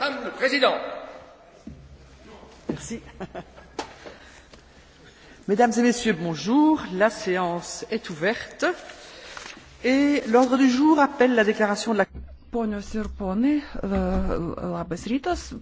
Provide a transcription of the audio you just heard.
Madame le Président. Merci. Mesdames et Messieurs, bonjour. La séance est ouverte. Et l'ordre du jour appelle la déclaration de la. Ponios ir ponai, labas rytas.